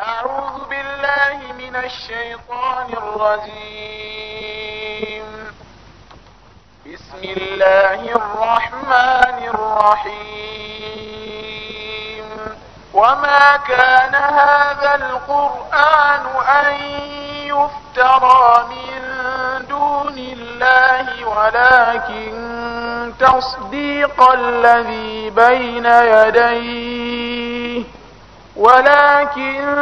أعوذ بالله من الشيطان الرجيم بسم الله الرحمن الرحيم وما كان هذا القرآن أن يفترى من دون الله ولكن تصديق الذي بين يديه ولكن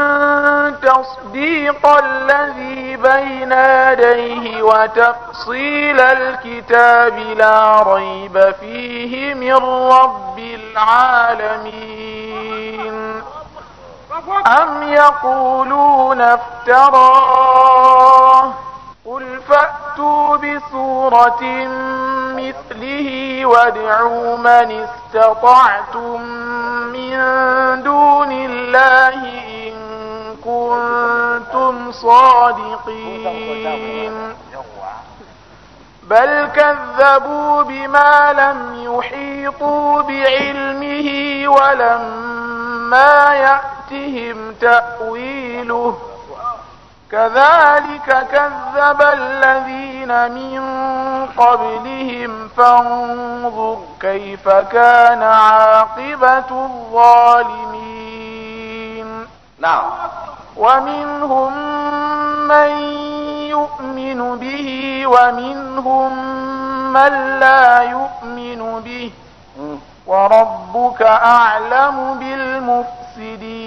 تصديق الذي بين يديه وتفصيل الكتاب لا ريب فيه من رب العالمين أم يقولون افتراه فأتوا بسورة مثله وادعوا من استطعتم من دون الله إن كنتم صادقين بل كذبوا بما لم يحيطوا بعلمه ولما يأتهم تأويله كذلك كذب الذين من قبلهم فانظر كيف كان عاقبة الظالمين نعم ومنهم من يؤمن به ومنهم من لا يؤمن به وربك أعلم بالمفسدين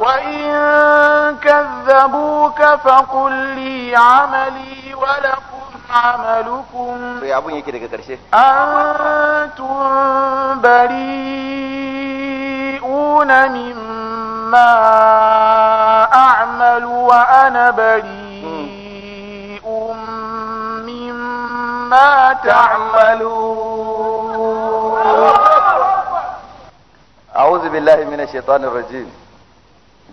وإن كذبوك فقل لي عملي ولكم عملكم أنتم بريئون مما أعمل وأنا بريء مما تعملون أعوذ بالله من الشيطان الرجيم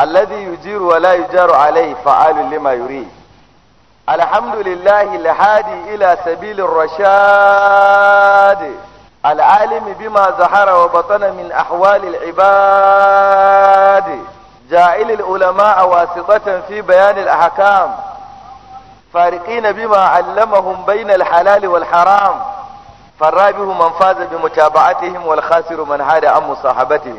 الذي يجير ولا يجار عليه فعال لما يريد الحمد لله الهادي إلى سبيل الرشاد العالم بما ظهر وبطن من أحوال العباد جائل العلماء واسطة في بيان الأحكام فارقين بما علمهم بين الحلال والحرام فالرابه من فاز بمتابعتهم والخاسر من هاد عن مصاحبتهم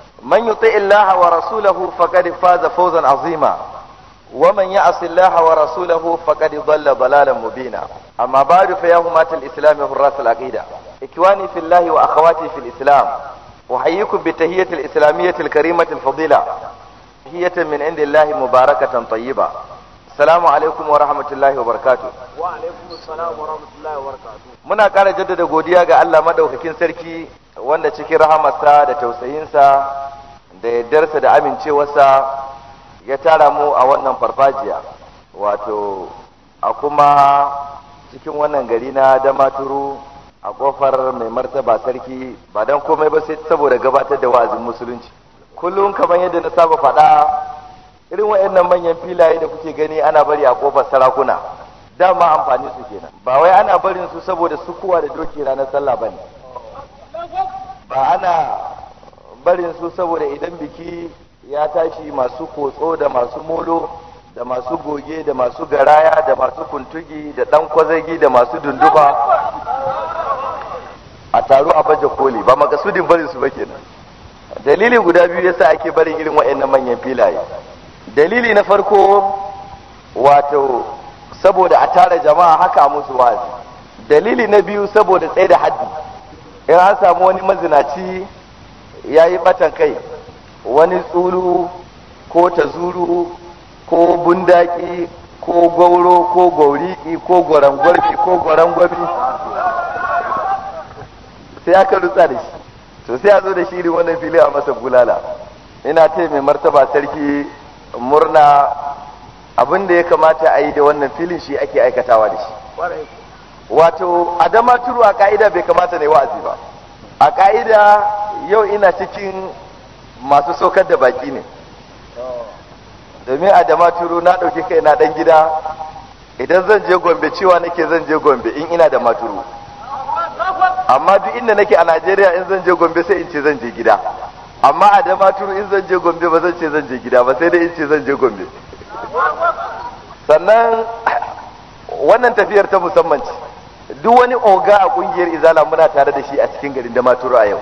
من يطع الله ورسوله فقد فاز فوزا عظيما ومن يعص الله ورسوله فقد ضل ضلالا مبينا اما بعد فيا امه الاسلام حراس العقيده اخواني في الله واخواتي في الاسلام احييكم بتهية الاسلاميه الكريمه الفضيله هي من عند الله مباركه طيبه السلام عليكم ورحمه الله وبركاته وعليكم السلام ورحمه الله وبركاته muna ƙara jaddada godiya ga Allah madaukakin sarki wanda cikin rahamarsa da tausayinsa da yardarsa da amincewarsa ya tara mu a wannan farfajiya wato a kuma cikin wannan gari na damaturu a kofar mai martaba sarki ba don komai ba sai saboda gabatar da wa'azin musulunci kullum kamar yadda na saba faɗa irin waɗannan manyan filaye da kuke gani ana bari a kofar sarakuna dama amfani su kenan ba wai ana barin su saboda sukuwa da doki ranar sallah ba ne. ba ana barin su saboda idan biki ya tashi masu kotso da masu molo da masu goge da masu garaya da masu kuntugi da ɗan kwazagi da masu dunduba a taro a baje koli ba makasudin barin su ba kenan dalili guda biyu yasa ake barin irin wa'annan manyan filaye dalili na farko wato saboda a tara jama'a haka musu wazi dalili na biyu saboda tsaye da haddi in an samu wani mazinaci ya yi batan kai wani tsulu ko tazuru ko bundaki ko gauro ko gauriki ko gwarangwarki ko gwarangwafi sai aka rutsa da shi to sai a zo da ne wannan fili a masa bulala ina ta mai martaba sarki murna abin da ya kamata a yi da wannan filin shi ake aikatawa da shi wato adama turu a ka'ida bai kamata ne wa'azi ba a ka'ida yau ina cikin masu saukar da baki ne domin a dama turu na ɗauki kai na ɗan gida idan zan je gombe cewa nake zan je gombe in ina da maturu amma duk inda nake a najeriya in zan je gombe sai in ce zan je gida amma a turu in zan je gombe ba zan ce zan je gida ba sai dai in ce zan je gombe sannan wannan tafiyar ta musamman ce duk wani oga a kungiyar izala muna tare da shi a cikin garin da maturu a yau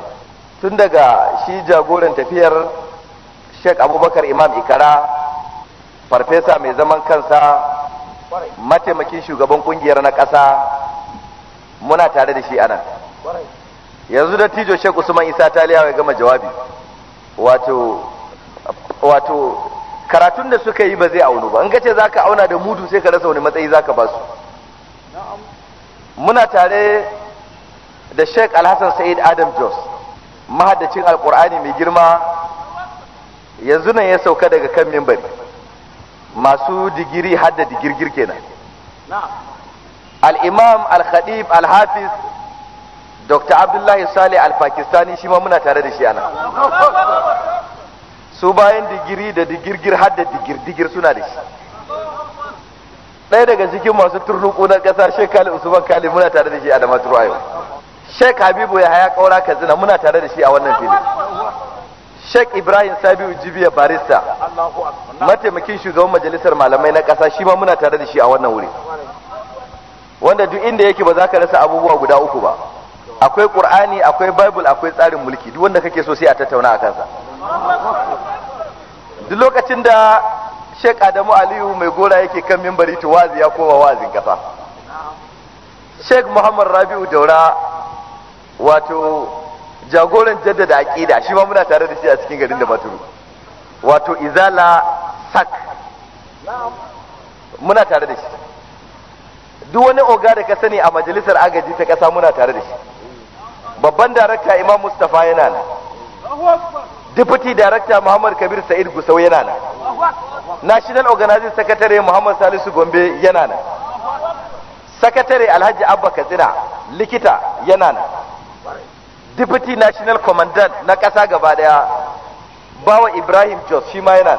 tun daga shi jagoran tafiyar sheik abubakar imam ikara farfesa mai zaman kansa mataimakin shugaban kungiyar na ƙasa muna tare da shi anan yanzu da tijo sheik usman isa taliya ya gama jawabi wato wato karatun da suka yi ba zai aunu ba in ka ce zaka auna da mudu sai ka rasa wani matsayi za ba su muna tare da sheik alhassan sa'id adam jos mahaddacin alkur'ani mai girma yanzu nan ya sauka daga kan mimbari masu digiri hadda digirgir kenan al-imam al khadif al-hafiz dr abdullahi Salih al-pakistani shi ma muna tare da shi ana su bayan digiri da digirgir hadda digir suna da shi ɗaya daga cikin masu turnuku na ƙasa shekali usman kali muna tare da shi a da maturu yau Sheikh Habibu ya haya kaura zina muna tare da shi a wannan fili. Sheikh Ibrahim Sabiu Jibiya Barista mataimakin shugaban majalisar malamai na ƙasa shi ma muna tare da shi a wannan wuri. Wanda duk inda yake ba za ka rasa abubuwa guda uku ba. Akwai Qur'ani, akwai Bible, akwai tsarin mulki duk wanda kake so sai a tattauna a kansa. Duk lokacin da Sheikh Adamu Aliyu mai gora yake kan mimbari to wazi ya koma wazin kafa. Sheikh Muhammad Rabi'u Daura wato jagoran jaddada aqida shi ma muna tare da shi a cikin garin da maturu wato izala sak muna tare da shi duk wani oga da ka sani a majalisar agaji ta kasa muna tare da shi babban darakta imam mustafa yana nan deputy darakta muhammad kabir sa'id gusau yana nan national organizing secretary muhammad salisu gombe yana nan Secretary alhaji abba katsina likita yana nan deputy national commandant na kasa gaba daya bawa ibrahim jos shi ma yana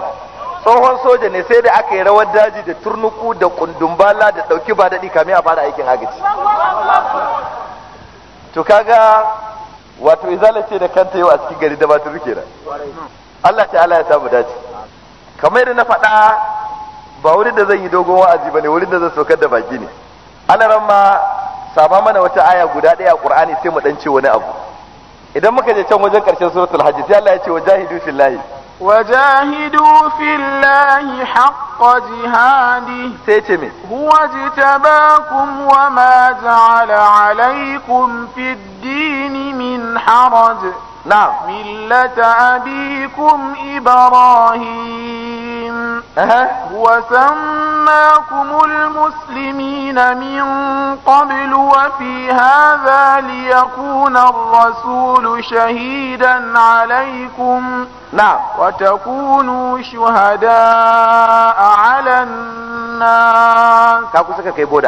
tsohon soja ne sai da aka yi rawar daji da turnuku da kundumbala da ɗauki ba daɗi kamin a fara aikin agaji to kaga wato izala ce da kanta yau a cikin gari da rike da, Allah ta'ala ya samu daji. kamar yadda na faɗa ba wurin da zan yi dogon wa'azi ba ne wurin da zan saukar da baki ne ran ma sama mana wata aya guda ɗaya a ƙur'ani sai mu ɗan ce wani abu idan muka je can wajen ƙarshen suratul hajj sai Allah ya ce wajahidu fillahi وجاهدوا في الله حق جهاده سيتمي هو اجتباكم وما جعل عليكم في الدين من حرج نعم ملة أبيكم إبراهيم هو سماكم المسلمين من قبل وفي هذا ليكون الرسول شهيدا عليكم نعم وتكونوا شهداء على الناس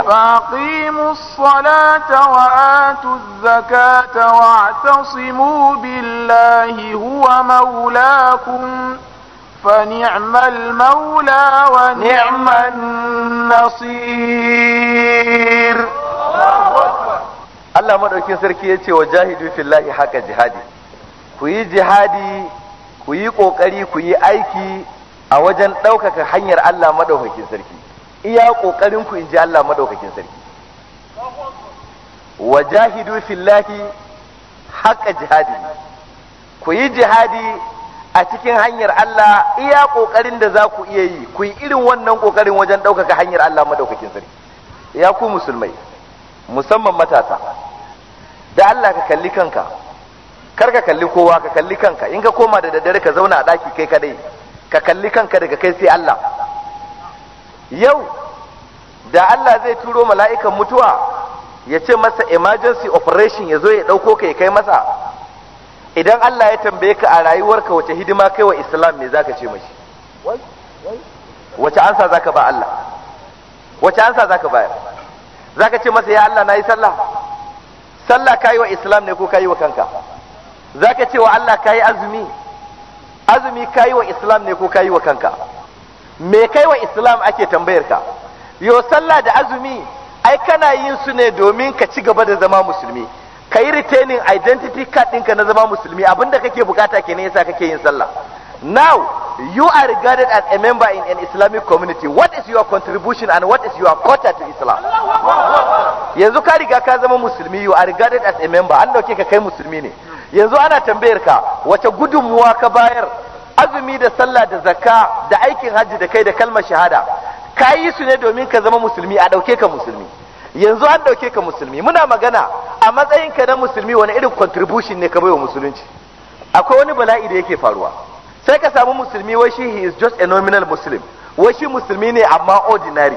فاقيموا الصلاة وآتوا الزكاة واعتصموا بالله هو مولاكم فنعم المولى ونعم النصير Allah madaukin sarki ya ce wa jahidu fillahi haka jihadi Kuyi yi jihadi ku yi kokari aiki a wajen ɗaukaka hanyar Allah madaukakin sarki iya ƙoƙarin ku inji Allah madaukakin sarki wa jahidu fillahi haka jihadi kuyi jihadi a cikin hanyar Allah iya kokarin da za ku iya yi ku yi irin wannan kokarin wajen ɗaukaka hanyar Allah madaukakin sarki ya ku musulmai musamman matasa da Allah ka kalli kanka kar ka kalli kowa ka kalli kanka in ka koma da daddare ka zauna a ɗaki kai kadai ka kalli kanka daga kai sai Allah yau da Allah zai turo mala'ikan mutuwa ya ce masa emergency operation ya zo ya ɗauko ka ya kai masa idan Allah ya tambaye ka a rayuwarka wace hidima kai wa Islam me zaka ce mashi wace ansa zaka ba Allah wace ansa zaka bayar zaka ce masa ya Allah nayi sallah sallah kai wa Islam ne ko kai wa kanka zaka ce wa Allah kai azumi azumi kai wa Islam ne ko kai wa kanka me kai wa Islam ake tambayar ka yo sallah da azumi ai kana yin su ne domin ka ci gaba da zama musulmi ka yi retaining identity card ɗinka na zama musulmi abinda kake bukata kenan yasa kake yin sallah now you are regarded as a member in an islamic community what is your contribution and what is your quota to islam yanzu ka riga ka zama musulmi you are regarded as a member an dauke ka kai musulmi ne yanzu ana tambayar ka wace gudunmuwa ka bayar azumi da sallah da zakka da aikin hajji da kai da kalmar shahada ka yi su ne domin ka zama musulmi a dauke ka musulmi yanzu an dauke ka musulmi muna magana a matsayin ka na musulmi wani irin contribution ne ka baiwa musulunci akwai wani bala'i da yake faruwa sai ka samu musulmi wai shi he is just a nominal muslim wai shi musulmi ne amma ordinary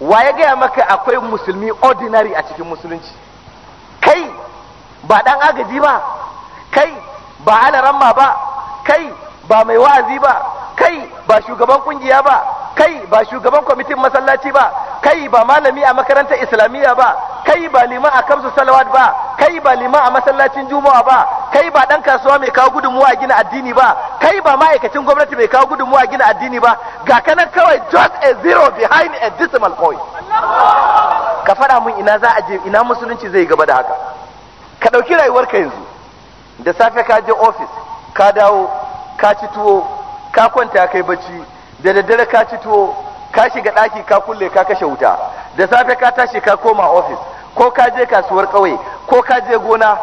wa ya gaya maka akwai musulmi ordinary a cikin musulunci kai ba dan agaji ba kai ba alaramma ba kai ba mai wa'azi ba kai ba shugaban kungiya ba kai ba shugaban kwamitin masallaci ba kai ba malami a makarantar islamiyya ba kai ba liman a kamsu salawat ba kai ba liman a masallacin juma'a ba kai ba dan kasuwa mai kawo gudunmuwa gina addini ba kai ba ma'aikacin gwamnati mai kawo gudunmuwa gina addini ba ga kanan kawai just a zero behind a decimal point ka faɗa mun ina za a je ina musulunci zai gaba da haka ka ɗauki rayuwar ka yanzu da safe ka je ofis ka dawo ka ci tuwo ka kwanta kai bacci da daddare ka ci tuwo ka shiga ɗaki ka kulle ka kashe wuta da safe ka tashi ka koma ofis ko ka je kasuwar ƙauye ko ka je gona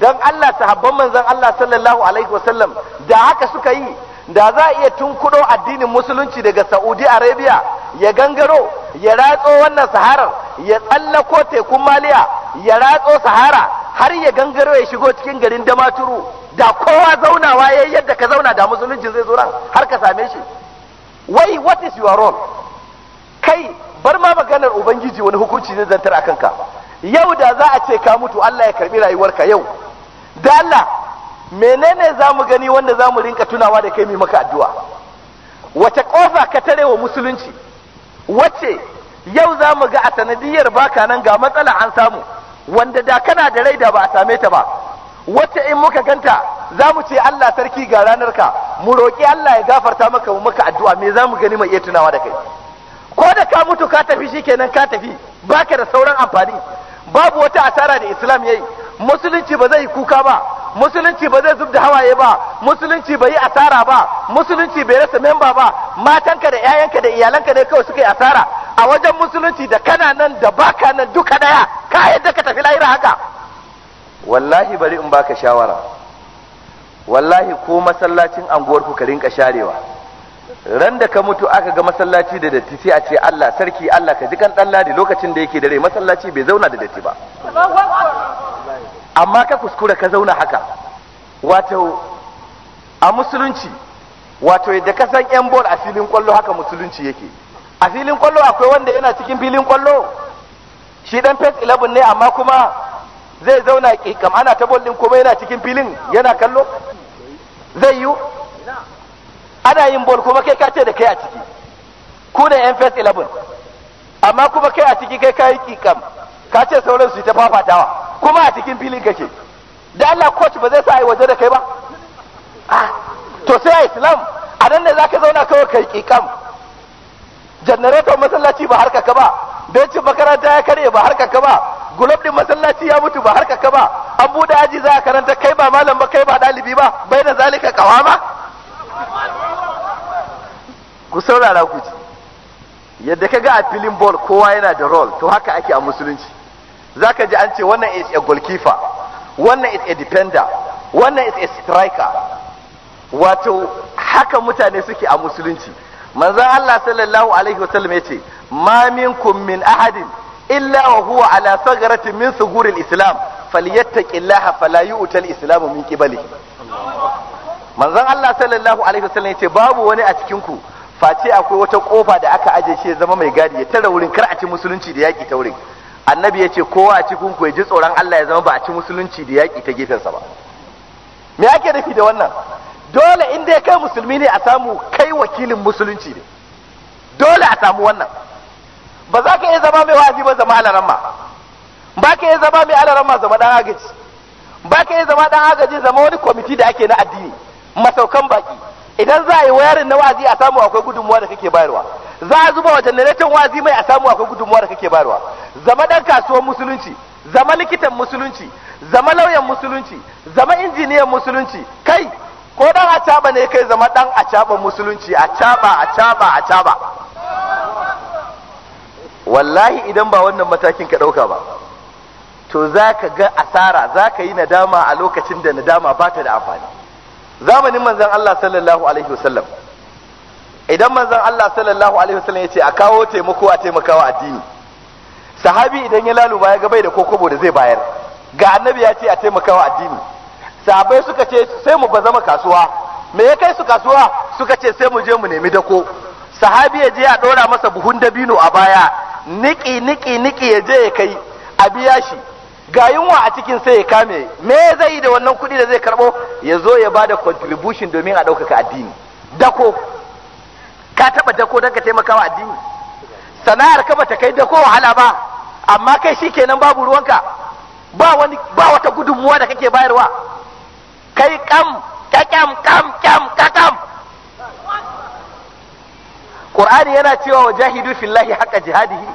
don Allah sahabban manzon Allah sallallahu alaihi wasallam da haka suka yi da za a iya tunkuɗo addinin musulunci daga Saudi Arabia ya gangaro ya ratso wannan saharar ya tsallako tekun maliya ya ratso sahara har ya gangaro ya shigo cikin garin damaturu da kowa zaunawa ya yadda ka zauna da musulunci zai zo ran har ka same shi wai what is your role kai bar ma maganar ubangiji wani hukunci zai zantar a kanka. yau da za a ce ka mutu Allah ya karbi rayuwarka yau da Allah menene za mu gani wanda za mu rinka tunawa da kai mai maka addu'a wace ƙofa ka tare wa musulunci wace yau za mu ga a sanadiyar baka nan ga matsala an samu wanda da kana da rai da ba a same ta ba wacce in muka ganta za mu ce Allah sarki ga ranar ka mu roƙi Allah ya gafarta maka mu maka addu'a me za mu gani mai iya tunawa da kai ko da ka mutu ka tafi shi kenan ka tafi baka da sauran amfani babu wata asara da Islam yayi musulunci ba zai kuka ba musulunci ba zai zub da hawaye ba musulunci bai asara ba musulunci bai rasa memba ba matanka da 'ya'yanka da iyalanka ne kawai suka yi asara a wajen musulunci da kana nan da baka nan duka daya ka yadda ka tafi lahira haka wallahi bari in baka shawara wallahi ko masallacin anguwar ku ka rinka sharewa ran da ka mutu aka ga masallaci da datti sai a ce Allah sarki Allah ka ji kan dan ladi lokacin da yake dare masallaci bai zauna da datti ba amma ka kuskura ka zauna haka wato a musulunci wato yadda ka san yan bol a filin kwallo haka musulunci yake a filin kwallo akwai wanda yana cikin filin kwallo shi dan face 11 ne amma kuma zai zauna kikam ana ta bollin kuma yana cikin filin yana kallo zai yi ana yin bol kuma kai ka ce da kai a ciki ku da yan fes 11 amma kuma kai a ciki kai kayi kikam ka ce sauran su ta fafatawa kuma a cikin filin kake da Allah coach ba zai sa ai waje da kai ba ah to sai a islam a nan ne zaka zauna kawai kai kikam generator masallaci ba harka ka ba bencin makaranta ya karye ba harka ka ba gulob din masallaci ya mutu ba harka ka ba an buɗe aji za a karanta kai ba malam ba kai ba ɗalibi ba bai da zalika kawama ku saurara ku ji yadda ka ga a filin ball kowa yana da role to haka ake a musulunci za ka ji an ce wannan is a goalkeeper wannan is a defender wannan is a striker wato haka mutane suke a musulunci manzon Allah sallallahu alaihi wasallam ya ce ma minkum min ahadin illa wa huwa ala sagarati min suguril islam falyattaqillaha fala yu'tal islam min qibali manzon Allah sallallahu alaihi wasallam yace babu wani a cikin ku face akwai wata kofa da aka aje shi ya zama mai gadi ya tara wurin kar a ci musulunci da yaki ta wurin annabi yace kowa a cikin ku ya ji tsoron Allah ya zama ba a ci musulunci da yaki ta gefensa ba me ake dafi da wannan dole in dai kai musulmi ne a samu kai wakilin musulunci ne dole a samu wannan ba za ka iya zama mai wazi ba zama alaramma ba ka iya zama mai alaramma zama dan agaji ba ka iya zama dan agaji zama wani kwamiti da ake na addini masaukan baki idan za a yi wayarin na wazi a samu akwai gudunmuwa da kake bayarwa za a zuba wajen janareton wazi mai a samu akwai gudunmuwa da kake bayarwa zama dan kasuwar musulunci zama likitan musulunci zama lauyan musulunci zama injiniyan musulunci kai ko dan acaba ne kai zama dan caba musulunci acaba acaba acaba wallahi idan ba wannan matakin ka ɗauka ba to za ka ga asara za ka yi nadama a lokacin da nadama ba ta da amfani zamanin manzan Allah sallallahu alaihi wasallam idan manzan Allah sallallahu alaihi wasallam ya ce a kawo taimako a taimakawa addini sahabi idan ya laluba ya ga bai da kokobo da zai bayar ga annabi ya ce a taimakawa addini sahabai suka ce sai mu ba zama kasuwa me ya kai su kasuwa suka ce sai mu je mu nemi dako sahabi ya je a ɗora masa buhun dabino a baya niki niki niki ya je ya kai a biya shi ga yunwa a cikin sai ya kame me zai yi da wannan kuɗi da zai karɓo ya zo ya bada contribution domin a ɗaukaka addini dako ka taɓa dako don ka taimakawa addini sana'ar ka bata kai dako wahala ba amma kai shi kenan babu ruwanka ba wani ba wata gudunmuwa da kake bayarwa kai kam kakam kam kam kakam ƙur'ani yana cewa wa jahidu fillahi haƙa jihadihi